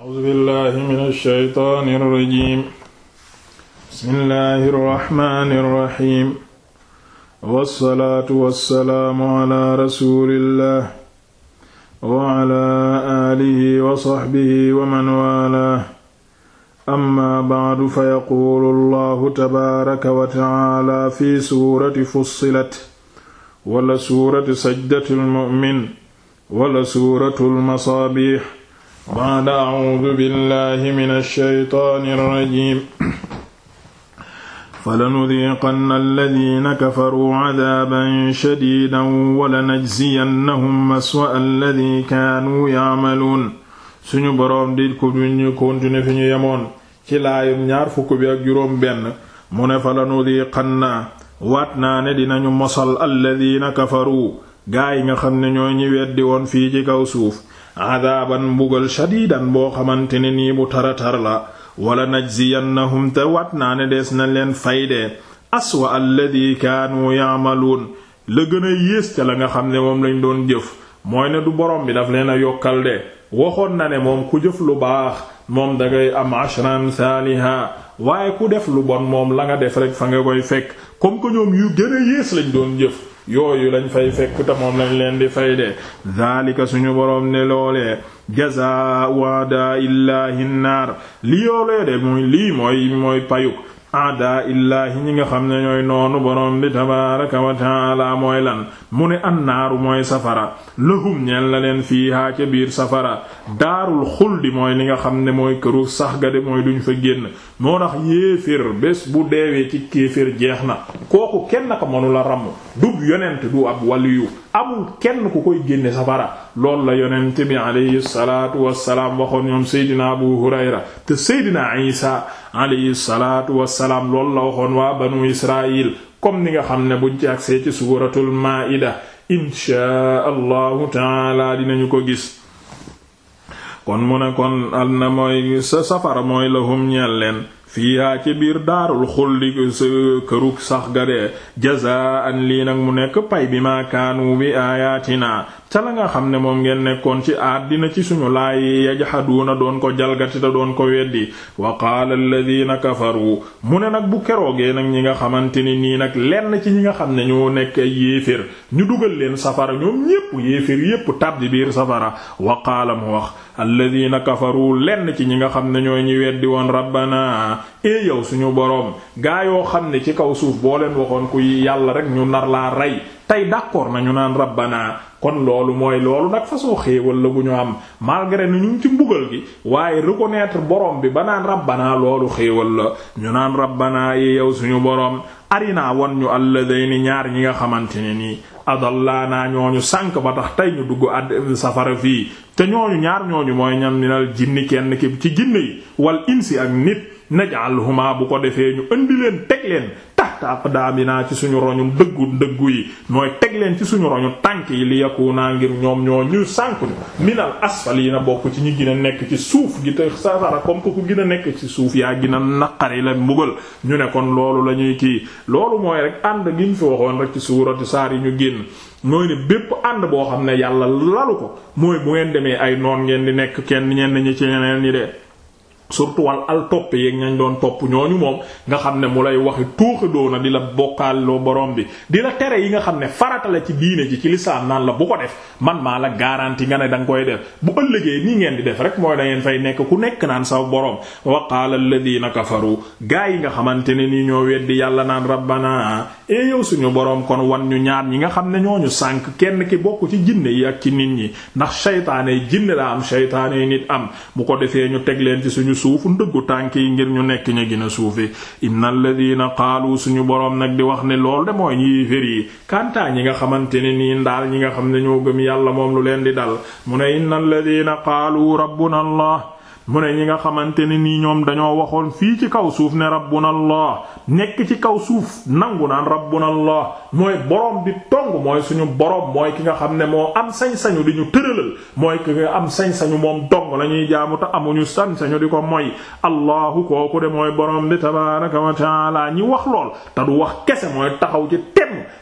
أعوذ بالله من الشيطان الرجيم بسم الله الرحمن الرحيم والصلاة والسلام على رسول الله وعلى آله وصحبه ومن والاه أما بعد فيقول الله تبارك وتعالى في سورة فصلت ولا سورة سجدة المؤمن ولا سورة المصابيح ba'da a'uudu billahi mina shaytaani rajiim فلنذيقن الذين كفروا عذابا شديدا ولنجزينهم أسوأ الذي كانوا يعملون suñu boroom di ko duñu continuer fi ñu yemoon ci laayum ñaar fukk bi ak juróom benn mu ne فلنذيقن waat naa ne dinañu mosal الذين كفروا gaa yi nga xam ne ñoo ñi weddi woon fii ci kaw suuf adaaban mbugal shadiidan boo xamante ne nii bu tar la wala najziyannahum te wat naa ne des na leen faydee aswa alladi kaanu yaamaluun la gën a yées ca la nga xam ne moom lañ doon jëf mooy ne du borom bi daf leen a yokkal waxoon na ne moom ku jëf lu baax moom dangay am ashran saaliha waaye ku def lu bon moom la nga def rek fa nga koy fekk comme que ñoom yu gën a yées lañ doon jëf yooyu lañu fay fekk te moom lañ leen di fay de daalika suñu boroom ne loolee jazaa waada illaahi naar li yoolee de mooy lii mooy mooy payuk ada illaahi ñi nga xam ne ñooy noonu borom bi tabaaraka mooy lan mu ne annaaru mooy safara lahum ñeel na leen fiihaa ca biir safara daarul xuldi mooy li nga xam ne mooy këru sax ga de mooy duñu fa génn moo tax yéeféer bés bu deewee ci kéeféer jeex na kooku kenn ka mënu la ramm du yonent du ab waliyu amul kenn ku koy génne safara lool la yonent bi alayhi salaatu wassalaam waxoon ñoom seydina abu hurayra te seydina isa alayhi salaatu wassalaam loolu la waxoon waa banu israil comme ni nga xam ne buñ ci agsee ci suuratul maa'ida inchaa allahu taala dinañu ko gis kon mu kon al mooy safara mooy lahum ñeel leen fiihaa ci biir daarul xuldi këru sax ga de jazaan lii nag mu nekk pay bi ma kaanu bi aayaatina ca la nga xam ne moom ngeen nekkoon ci àddina ci suñu laay yajhaduuna doon ko jalgati te doon ko weddi wa qaala alladhiina kafaru mu ne nag bu keroogee nag ñi nga xamante ni nii nag lenn ci ñi nga xam ne ñoo nekk ay yéeféer ñu dugal leen safara ñoom ñépp yéeféer yépp tab di biir safara wa qaala mu wax alladina kafaru lenn ci ñi nga xam ne ñooy ñi weddi woon rabbana e yow suñu boroom gaa yoo xam ne ci kaw suuf boo leen waxoon ku yàlla rek ñu nar laa rey tey d'accord nañu naan rabbana kon loolu mooy loolu nag façon xéewal la bu ñu am malgré ni ci mbugal gi waaye reconnaître borom bi ba naan rabbana loolu xéewal la ñu naan rabbana yi yow suñu borom arinaa wan ñu alladayni ñaar ñi nga xamante ne nii ñoo ñu sànq ba tax tey ñu dugg àdd safara fii te ñooñu ñaar ñooñu mooy ñam minal jinni kenn ki ci jinne yi wal insi ak nit najalhuma bu ko defee ñu indi leen teg leen taxta aqdaamina ci suñu roñu dëggu dëggu yi mooy teg leen ci suñu roñu tànk yi li naa ngir ñoom ñoo sànk ñu sànku minal asfaliina bokk ci ñi gën a nekk ci suuf gi te safara comme ko ku gën nekk ci suuf yaa gën a yi la mbugal ñu ne kon loolu la ñuy kii loolu mooy rek ànd gi ñu fi waxoon rek ci suuratu saar yi ñu génn mooy ne bépp ànd boo xam ne yàlla lalu ko mooy bu ngeen demee ay noon ngeen di nekk kenn ñenn ñi ci ñeneen ñi de surtout wal al topp yeeg ñañ doon topp ñooñu moom nga xam ne mu lay waxi tuuxi doona di la bokkaaloo boroom bi di la tere yi nga xam ne farata la ci diine ji ci lislaam naan la bu ko def man maa la garantie nga ne da nga koy def bu ëllëgee nii ngeen di def rek mooy da fay nekk ku nekk naan saw borom wa qaala alladina kafaru gaa yi nga xamante ne nii ñoo weddi yàlla naan rabbana e yow suñu borom kon wan ñu ñaar ñi nga xam ne ñoo ñu sànq kenn ki bokk ci jinne yi ak ci nit ñi ndax shaytaane jinne la am shaytaane nit am bu teg leen suñu suufu ndëggu tànk yi ngir ñu nekk ñu gën a suufi innal ladina qaalu suñu boroom nag di wax ne lool de mooy ñiy fér yi kantaa ñi nga xamante ne nii ndaal ñi nga xam ne ñoo gëm yàlla moom lu leen di dal mu ne innal ladina qaalu rabbuna mu ne ñi nga xamante ne nii ñoom dañoo waxoon fii ci kaw suuf ne rabbuna allah nekk ci kaw suuf nangu naan rabbuna allah mooy boroom bi tong mooy suñu boroom mooy ki nga xam ne moo am sañ-sañu di ñu tëralal mooy ki nga am sañ-sañu moom dong la ñuy jaamu te amuñu sañ-sañu di ko mooy allahu ko de mooy boroom bi tabaaraka wa taala ñi wax lool te du wax kese mooy taxaw ci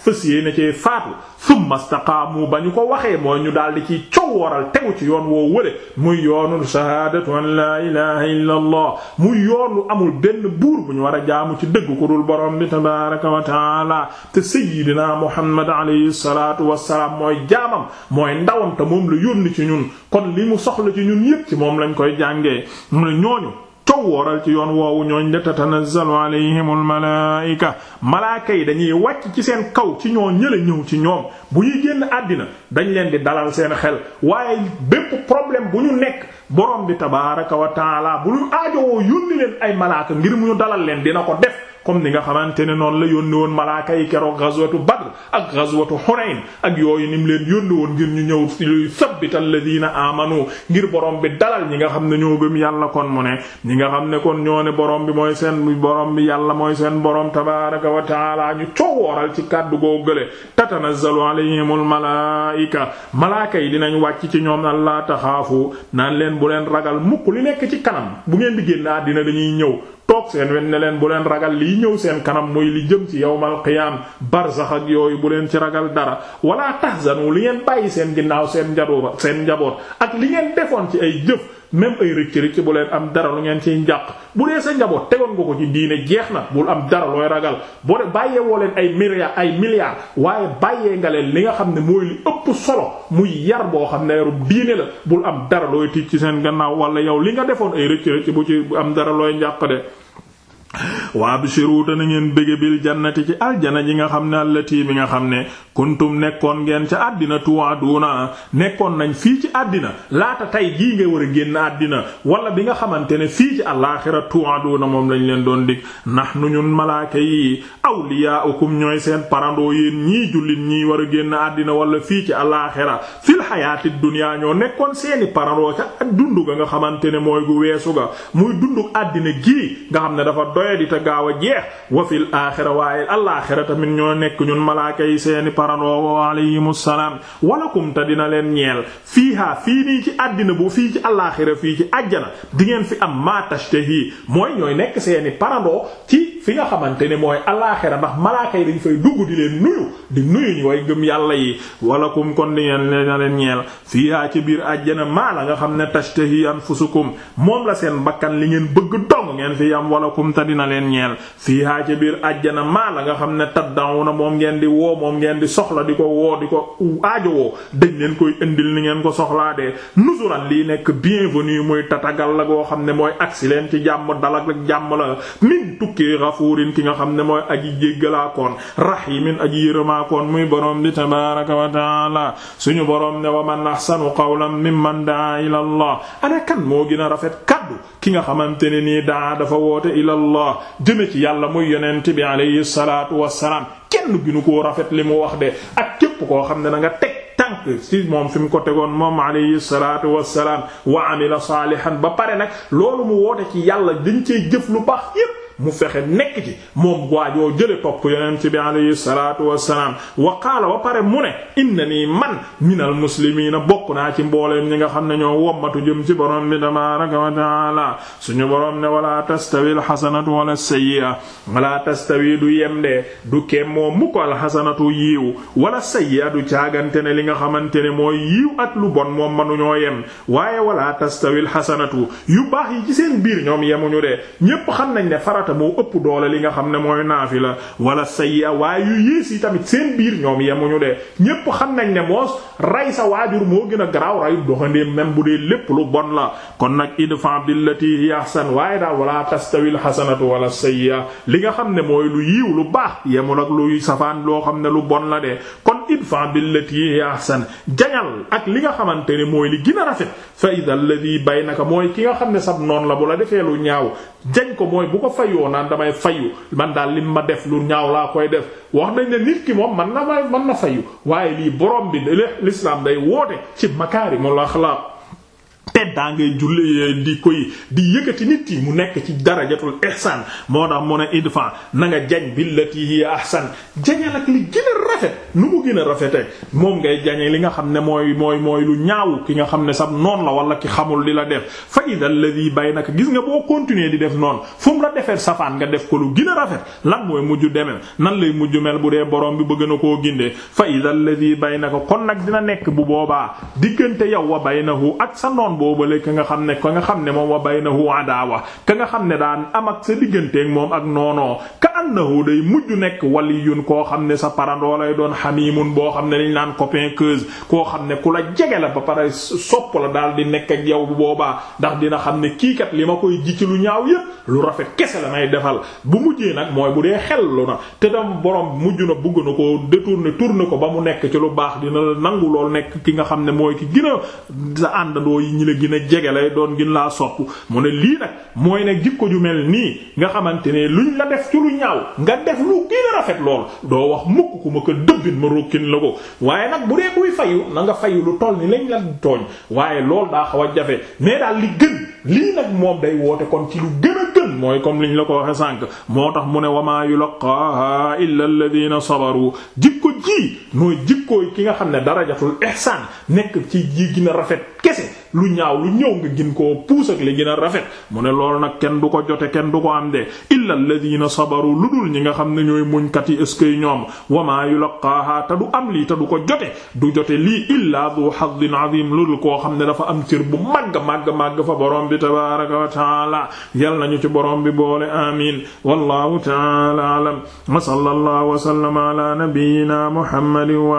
fës yéene cee faatu summa staqaamu ba ñu ko waxee mooy ñu daal di ciy cow waral tegu ci yoon woo wële muy yoonul shahaadatu an laa ilaha illa allah muy yoonu amul benn buur bu ñu war a jaamu ci dëgg ku dul borom bi tabaraka wa taala te sayyidina muhammad alayhi wa wasalaam mooy jaamam mooy ndawam te moom la yónni ci ñun kon li mu soxla ci ñun yépp ci moom lañ koy jàngee mu ñooñu coow wooral ci yoon woowu ñooñ de tatanazzalu alayhim almalaika malaaka yi dañuy wacc ci seen kaw ci ñoo ñële ñëw ci ñoom bu ñuy génn àddina dañ leen di dalal seen xel waaye bépp problème bu ñu nekk borom bi tabaraka wa taala bu ñu aajowoo yónni leen ay malaaka ngir mu ñu dalal leen dina ko def comme ni nga xamante ne noonu la yónni woon malaaka yi keroog ghazwatu Badr ak ghazwatu Hunayn ak yooyu ni leen yónni woon ngir ñu ñëw luy sabbita alladhina amanu ngir borom bi dalal ñi nga xam ne ñoo gëm yàlla kon mu ne ñi nga xam ne kon ñoo ne borom bi mooy seen borom bi yàlla mooy seen borom tabaaraka wa taala ñu coowooral ci kàddu goo gële tatanazzalu alayhimul malaa'ika malaaka yi dinañ wàcc ci ñoom allah taxaafu naan leen bu leen ragal mukk li nekk ci kanam bu di génn dañuy ñëw toog seen wen ne leen bu leen ragal lii ñëw seen kanam mooy li jëm ci yawmal qiyaam barzax ak yooyu bu leen ci ragal dara wala tahzanu li ngeen bàyyi seen ginnaaw seen njaboot seen njaboot ak li ngeen defoon ci ay jëf même ay rëcc rëcc bu leen am dara lu ngeen ciy njàq bu dee sa njaboot tegoon nga ko ci diine jeex na bul am dara looy ragal boo de woo leen ay milliards ay milliards waaye bàyyee nga leen li nga xam ne mooy li ëpp solo muy yar boo xam ne yarub diine la bul am dara looy tiit ci seen gannaaw wala yow li nga defoon ay rëcc rëcc bu ci am dara looy njàq de wa abshiru te na ngeen bëgge bil jannati ci aljana ji nga xam ne allati bi nga xam ne kuntum nekkoon ngeen ca àddina tuwaaduna nekkoon nañ fii ci àddina laata tey jii nga war a génn àddina wala bi nga xamante ne fii ci alaaxira tuwaaduna moom lañ leen doon dig nahnu ñun malaaka yi awliyaa'ukum ñooy seen parandoo yéen ñii jullit ñii war a génn àddina wala fii ci alaaxira fil xayaati dunya ñoo nekkoon seeni parandoo ca ak dundu ga nga xamante ne mooy gu weesu ga muy xam doyadi te gaaw a jeex wa fil aaxira waaye alaaxira tamit ñoo nekk ñun malaaka yi seeni parandoo wa alayhimu salaam walakum te dina leen ñeel fiiha fii nii ci àddina bu fii ci alaaxira fii ci àjjana di ngeen fi am ma tashtahi mooy ñooy nekk seeni parandoo ci fi nga xamante ne mooy alaaxira ndax malaaka yi dañ fay dugg di leen nuyu di nuyu ñu way gëm yàlla yi walakum kon di ngeen dina leen ñeel fiiha ci biir àjjana maa la nga xam ne tashtahi anfusukum moom la li ngeen bëgg dina leen ñeel fiihaa ca biir àjjana maa la nga xam ne taddauna moom ngeen di woo moom ngeen di soxla di ko woo di ko aajo woo dañ leen koy indil ni ngeen ko soxlaa de nuzulan lii nekk bienvenue muy tatagal la goo xam ne mooy agsi leen ci jàmm dalak ak jàmm la min tukki ghafurin ki nga xam ne mooy aji jéggalaakoon rahimin aji yërëmaakoon muy boroom di tabaraka wa taala suñu boroom ne wa man ahsanu qawlan mimman daa ila allah ana kan moo gën a allah jëme ci yàlla muy yonent bi alayhi salaatu wassalaam kenn ginu ko rafet li mu wax de ak képp koo xam ne da nga teg tànk ci moom fi mu ko tegoon moom alayhi salaatu wassalaam wa amila saalihan ba pare nag loolu mu woote ci yàlla dañ cee jëf lu baax mu fexe nekk ci moom waajoo jële topp yonent bi alayhi salaatu wassalaam wa qaala ba pare mu ne inna nii man minal muslimiina bokk naa ci mbooleem ñi nga xam ne ñoo wommatu jëm ci borom bi tabaaraka wa taala suñu borom ne wala tastawi alxasanatu wala sayyi'a wala tastawi du yem de du kem moom mu ko alxasanatu yiiw wala sayyi'a du caagante ne li nga xamante ne mooy yiiw ak lu bon moom manu ñoo yem waaye wala tastawi alxasanatu yu baax yi ci seen biir ñoom yemuñu de ñépp xam nañ ne farata te moo ëpp doole li nga xam ne mooy naafila wala sayyi'a waaye yu yées yi tamit seen biir ñoom yemuñu de ñépp xam nañ ne moos rey sa waajur moo gën a garaaw reyu doxandéem même bu dee lépp lu bon la kon nag idfa billati hiya ahsan waaye daal wala tastawil hasanatu wala sayyi'a li nga xam ne mooy lu yiw lu baax yemul ak lu safaan loo xam ne lu bon la de idfa billati hi ahsan jañal ak li nga xamante ne mooy li gën a rafet fa idha alladhi baynaka mooy ki nga xam ne sab noon la bu la defee lu ñaaw jañ ko mooy bu ko fayoo naan damay fayu man daal lim ma def lu ñaaw laa koy def wax nañ ne nit ki moom man na may man na fayu waaye lii borom bi lislaam day woote ci makaarimul axlaaq te teddaa ngay julli eh, di koy di yëkkati nit yi mu nekk ci darajatul ihsan moo tax mu ne idfa na nga jañ billati hiya ahsan jañal ak li gën rafet nu mu gën a moom ngay jañe li nga xam ne mooy mooy mooy lu ñaaw ki nga xam ne sax noon la wala ki xamul li la def fa ida bay baynaka gis nga boo continuer di def noonu fu mu la defee safaan nga def ko lu gën a rafet lan mooy mujj demel nan lay mujj mel bu dee borom bi bëgg na koo gindee fa ida alladhi baynaka kon nag dina nekk bu boobaa diggante yow wa baynahu ak sa noon boobale ka nga xam ne ka nga xam ne moom wa baynahu adaawa ka nga xam ne daan am ak sa digganteeg moom ak noonoo ka annahu day mujj nekk waliyun koo xam ne sa parandoo lay doon xamimun boo xam ne dañ naan copain keuse koo xam ne ku la jege la ba pare sopp la daal di nekk ak yow bu boobaa ndax dina xam ne kii kat li ma koy ji ci lu ñaaw yépp lu rafet kese la may defal bu mujjee nag mooy bu dee xellu na te dam borom mujj na bugg na ko détourner tourner ko ba mu nekk ci lu baax dina nangu a la gën a jege lay doon gën laa sopp mu ne lii nag mooy ne jikko ju mel nii nga xamante ne luñ la def ci lu ñaaw nga def lu gën a rafet lool doo wax mukk ku ma ko dëbbin ma rokkin la ko waaye nag bu dee kuy fayu na nga fayu lu toll ni lañ la tooñ waaye loolu daa xaw a jafe mais daal li gën lii nag moom day woote kon ci lu gën a gën mooy comme liñ la ko waxe sànk moo tax mu ne wama yulqaaha illa alladhina sabaru jikko ji nooy jikkooy ki nga xam ne darajatul ihsan nekk ci rafet lu ñaaw lu ñëw nga gin koo puus ak li rafet mu ne loolu nag kenn du ko jote kenn du ko am de illa alladhina sabaru lu dul nga xam ne ñooy muñkat yi ëskey ñoom wama yulaqaaha te du am lii te ko jote du jote lii illa du hazzin azim lu dul koo xam ne dafa am cër bu màgg màgg màgg fa boroom bi tabaraka wa taala yal nañu ci borom bi boole amin wallahu taala alam wa sallallahu wa sallama ala nabiyyina muhammadin wa